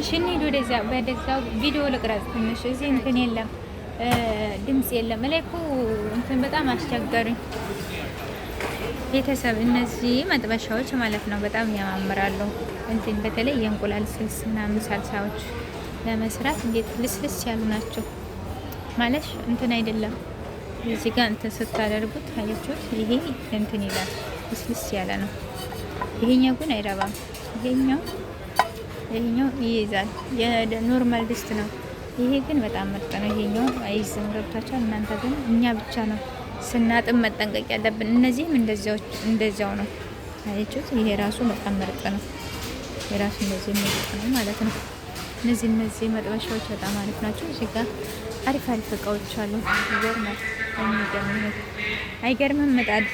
እሺ እንሂድ ወደዚያ ወደዚያው ቪዲዮ ልቅረጽ ትንሽ። እዚህ እንትን የለም ድምጽ የለም። እላይ እኮ እንትን በጣም አስቸገሩኝ ቤተሰብ። እነዚህ መጥበሻዎች ማለት ነው በጣም ያማምራሉ። እንትን በተለይ የእንቁላል ስልስ ምናምን ሳልሳዎች ለመስራት እንዴት ልስልስ ያሉ ናቸው ማለት እንትን አይደለም። እዚህ ጋር እንትን ስታደርጉት አያችሁት? ይሄ እንትን ይላል፣ ልስልስ ያለ ነው። ይሄኛው ግን አይረባም። ይሄኛው ይሄኛው ይይዛል። የኖርማል ድስት ነው። ይሄ ግን በጣም ምርጥ ነው። ይሄኛው አይዝም። ገብታችኋል እናንተ። ግን እኛ ብቻ ነው ስናጥም መጠንቀቅ ያለብን። እነዚህም እንደዚያው እንደዚያው ነው። አያችሁት? ይሄ ራሱ በጣም ምርጥ ነው። የራሱ እንደዚህ ምርጥ ነው ማለት ነው። እነዚህ እነዚህ መጥበሻዎች በጣም አሪፍ ናቸው። እዚህ ጋር አሪፍ አሪፍ እቃዎች አሉ። ይገርማል። የሚገርም አይገርምም? ምጣድ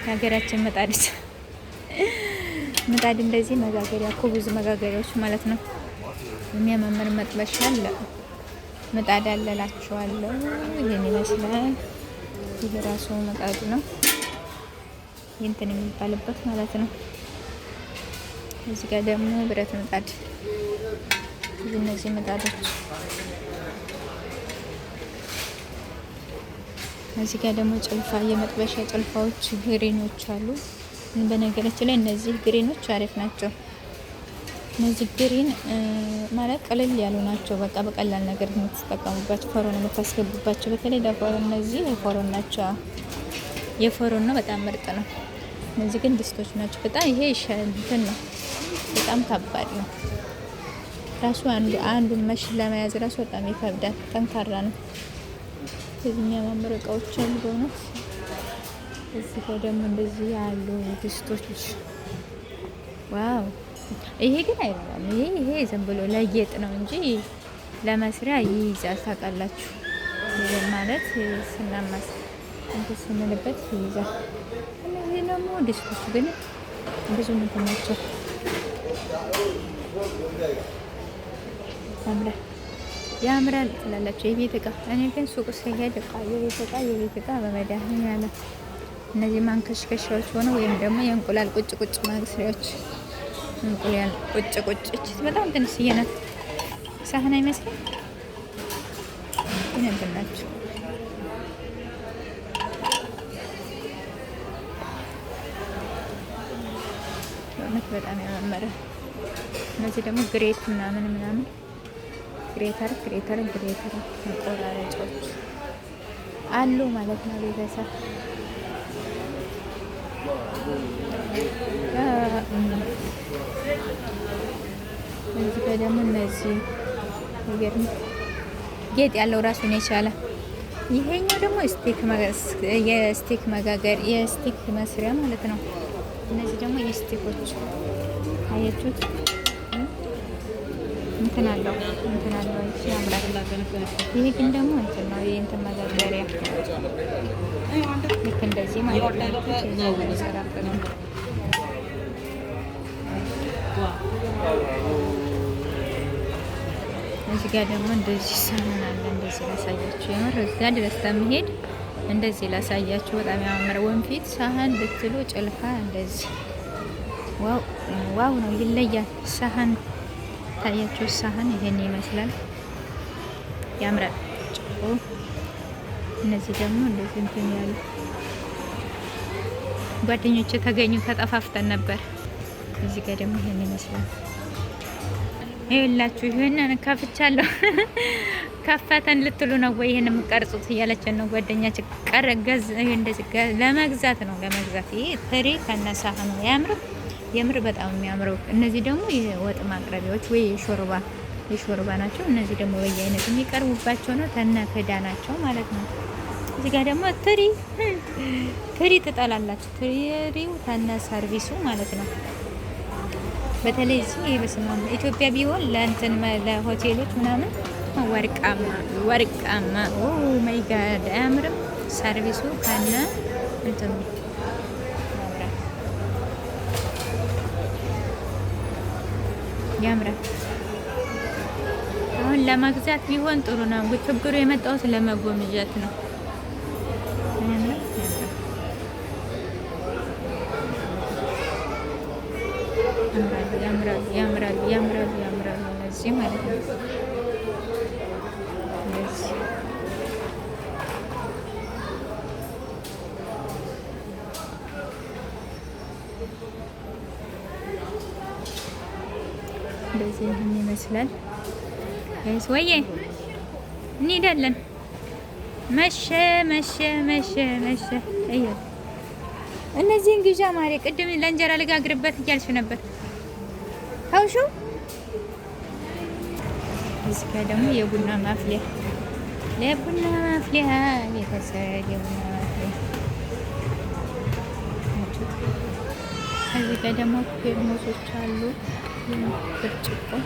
የሀገራችን ምጣድ ምጣድ እንደዚህ መጋገሪያ እኮ ብዙ መጋገሪያዎች ማለት ነው። የሚያማምር መጥበሻ አለ፣ ምጣድ አለላችኋለሁ። ይህን ይመስላል። ይህ ራሱ ምጣዱ ነው ይንትን የሚባልበት ማለት ነው። እዚህ ጋር ደግሞ ብረት ምጣድ፣ እነዚህ ምጣዶች እዚህ ጋር ደግሞ ጭልፋ፣ የመጥበሻ ጭልፋዎች ግሪኖች አሉ። በነገራችን ላይ እነዚህ ግሪኖች አሪፍ ናቸው። እነዚህ ግሪን ማለት ቀለል ያሉ ናቸው። በቃ በቀላል ነገር የምትጠቀሙባቸው ፎሮን የምታስገቡባቸው በተለይ ለፎሮን እነዚህ የፎሮን ናቸው። የፎሮን ነው በጣም ምርጥ ነው። እነዚህ ግን ድስቶች ናቸው። በጣም ይሄ ይሻላል። ነው በጣም ከባድ ነው። ራሱ አንዱ አንዱን መሽ ለመያዝ ራሱ በጣም ይከብዳል። ጠንካራ ነው። የሚያማምሩ እቃዎች አሉ በእውነት እዚህ ጋር ደግሞ እንደዚህ ያሉ ድስቶች። ዋው! ይሄ ግን አይበላም። ይሄ ይሄ ዝም ብሎ ለጌጥ ነው እንጂ ለመስሪያ ይይዛል። ታውቃላችሁ፣ ማለት ስናማስ እንትን ስንልበት ይይዛል። እነዚህ ደግሞ ድስቶች ግን ብዙ እንትን ናቸው። ያምራል ያምራል ትላላችሁ የቤት እቃ። እኔ ግን ሱቅ ስሄድ እቃ የቤት እቃ የቤት እቃ በመድኃኒዓለም እነዚህ ማንከሽከሻዎች ሆነ ወይም ደግሞ የእንቁላል ቁጭ ቁጭ ማግስሪያዎች እንቁላል ቁጭ ቁጭ በጣም ትንሽዬ ናት። ሳህን አይመስልም። ምንድን ናቸው? በእውነት በጣም ያማምረ። እነዚህ ደግሞ ግሬት ምናምን ምናምን ግሬተር ግሬተር ግሬተር መቆራረጫዎች አሉ ማለት ነው ቤተሰብ እዚህ ደግሞ እነዚህ ጌጥ ያለው ራሱን የቻለ ይሄኛው ደግሞ የስቲክ መጋገር የስቲክ መስሪያ ማለት ነው። እነዚህ ደግሞ የስቴኮች አያችሁት። እንትን አለው እንትን አለው እሺ፣ ያምራል። ይሄ ግን ደግሞ እንትን ነው፣ ይሄ እንትን መደርደሪያ ልክ እንደዚህ ማለት ነው። እዚህ ጋር ደግሞ እንደዚህ ሳህን አለ። እንደዚህ ላሳያችሁ፣ የምር እዚያ ድረስ ለመሄድ እንደዚህ ላሳያችሁ። በጣም ያምር ወንፊት ሳህን ብትሉ ጭልፋ እንደዚህ ዋው ዋው ነው፣ ይለያል ሳህን የሚታያቸው ሳህን ይሄን ይመስላል። ያምራል። ጨቆ እነዚህ ደግሞ እንደዚህ እንትን ያሉ ጓደኞች ተገኙ። ተጠፋፍተን ነበር። እዚህ ጋር ደግሞ ይሄን ይመስላል። ይኸውላችሁ ይሄንን ከፍቻለሁ። ከፈተን ልትሉ ነው ወይ ይሄን የምቀርጹት እያለችን ነው ጓደኛችን። ቀረ ገዝ እንደዚህ ለመግዛት ነው ለመግዛት። ይሄ ትሪ ነው ያምራል። የምር በጣም የሚያምረው። እነዚህ ደግሞ የወጥ ማቅረቢያዎች ወይ የሾርባ የሾርባ ናቸው። እነዚህ ደግሞ በየአይነት የሚቀርቡባቸው ነው ተነ ናቸው ማለት ነው። እዚህ ጋር ደግሞ ትሪ ትሪ ትጠላላችሁ። ትሪው ተነ ሰርቪሱ ማለት ነው። በተለይ እዚህ በስማ ኢትዮጵያ ቢሆን ለእንትን ለሆቴሎች ምናምን ወርቃማ ወርቃማ ኦ ማይ ጋድ አያምርም? ሰርቪሱ ከነ እንትን ያምራል። አሁን ለመግዛት ቢሆን ጥሩ ነው። ችግሩ የመጣው ስለመጎምጀት ነው። ያምራል ያምራል ያምራል ያምራል ለዚህ ማለት ነው። እንደዚህ ይህን ይመስላል። ይስ ወዬ እንሄዳለን። መሸ መሸ መሸ መሸ እያለ እነዚህን ግዣ ማሪ ቅድም ለእንጀራ ልጋግርበት እያልሽ ነበር ታውሹ። እዚህ ጋ ደግሞ የቡና ማፍሊያ ለቡና ማፍሊያ የተሰራ የቡና ማፍሊያ እዚህ ደግሞ ፌርሙሶች አሉ። తెచ్చుకో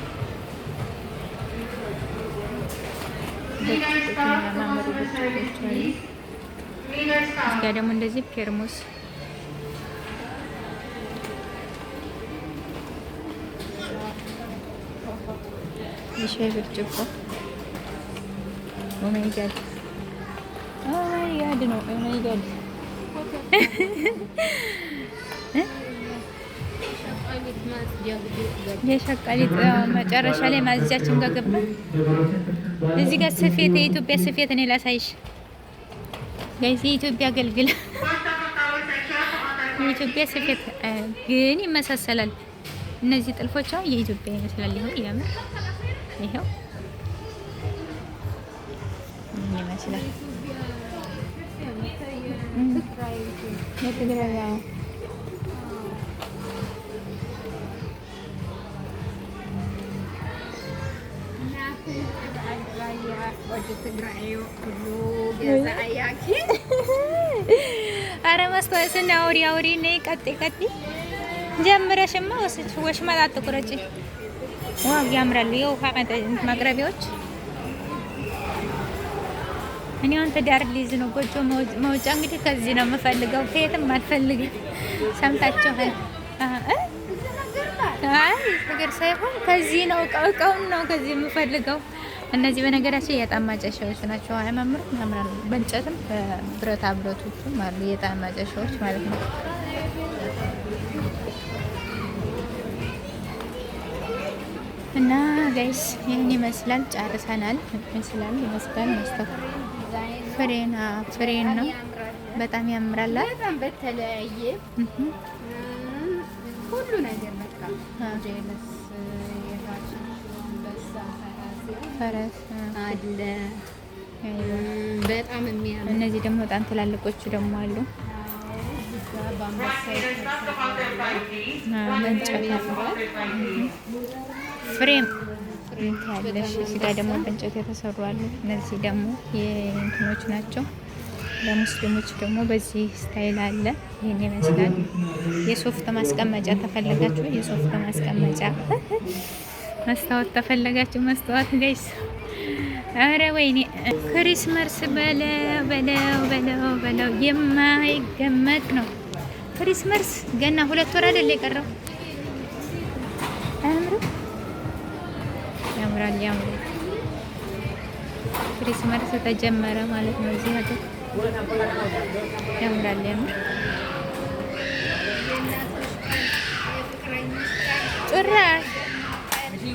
Querem እንደዚህ ፔርሙስ የሻይ ብርጭቆ ኦሜጋድ ኦሜጋድ ነው ኦሜጋድ የሸቃሊት መጨረሻ ላይ ማዝጃችን ጋር ገባ። እዚህ ጋር ስፌት፣ የኢትዮጵያ ስፌት እኔ ላሳይሽ ጋይስ፣ የኢትዮጵያ አገልግል የኢትዮጵያ ስፌት ግን ይመሳሰላል። እነዚህ ጥልፎቿ የኢትዮጵያ ይመስላል። ይኸው የምር ይኸው ይመስላል አረ ማስታወስን አውሪ አውሪ ነ ቀጤ ቀጤ ጀምረሽማ ወሽመጥ አትቁረጪ። ዋው ያምራሉ የውሃ ማቅረቢያዎች። እኔ አሁን ትዳር ሊይዝ ነው። ጎጆ መውጫ እንግዲህ ከዚህ ነው የምፈልገው፣ ከየትም አልፈልግም። ሰምታችኋል። አይ ነገር ሳይሆን ከዚህ ነው እቃውን ነው ከዚህ የምፈልገው እነዚህ በነገራችን የዕጣን ማጨሻዎች ናቸው። አይመምሩ ያምራሉ። በእንጨትም በብረታ ብረቶቹም አሉ የዕጣን ማጨሻዎች ማለት ነው። እና ጋይስ ይህን ይመስላል። ጨርሰናል። ይመስላል ይመስላል መስታወት ፍሬና ፍሬን ነው። በጣም ያምራል። በጣም በተለያየ ሁሉ ነገር በቃ ፈረስ አለ በጣም የሚያምር። እነዚህ ደግሞ በጣም ትላልቆቹ ደግሞ አሉ። ፍሬም ያለሽ እዚህ ጋር ደግሞ በእንጨት የተሰሩ አሉ። እነዚህ ደግሞ የእንትኖች ናቸው። ለሙስሊሞች ደግሞ በዚህ ስታይል አለ። ይህን ይመስላል። የሶፍት ማስቀመጫ ተፈለጋችሁ የሶፍት ማስቀመጫ መስታወት ተፈለጋችሁ መስታወት ጋይስ። አረ ወይኔ ክሪስመስ በለው በለው በለው በለው የማይገመት ነው። ክሪስመስ ገና ሁለት ወር አይደል የቀረው። አያምርም? ያምራል ያምራል። ክሪስመስ ተጀመረ ማለት ነው። እዚህ ሀገር ያምራል ያምር ጭራሽ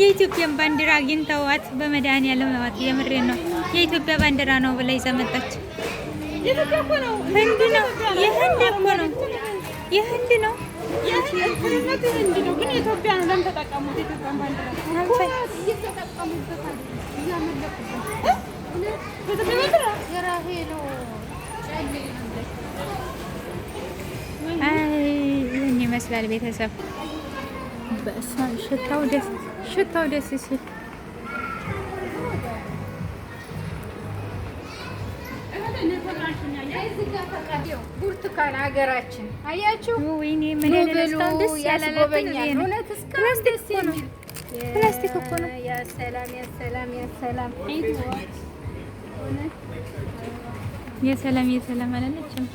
የኢትዮጵያን ባንዲራ አግኝተዋት በመድኃኒዓለም ማለት የምሬ ነው። የኢትዮጵያ ባንዲራ ነው ብላ ይዛ መጣች። ህንድ ነው የህንድ እኮ ነው የህንድ ነው ይመስላል ቤተሰብ በእሷ ሽታው ደስ ሽታው ደስ ሲል ብርቱካን ሀገራችን አያችሁ፣ ያስጎበኛል። እውነት እስካሁን ደስ የሚል ፕላስቲክ እኮ ነው። ያሰላም ያሰላም ያሰላም የሰላም የሰላም አላለችም።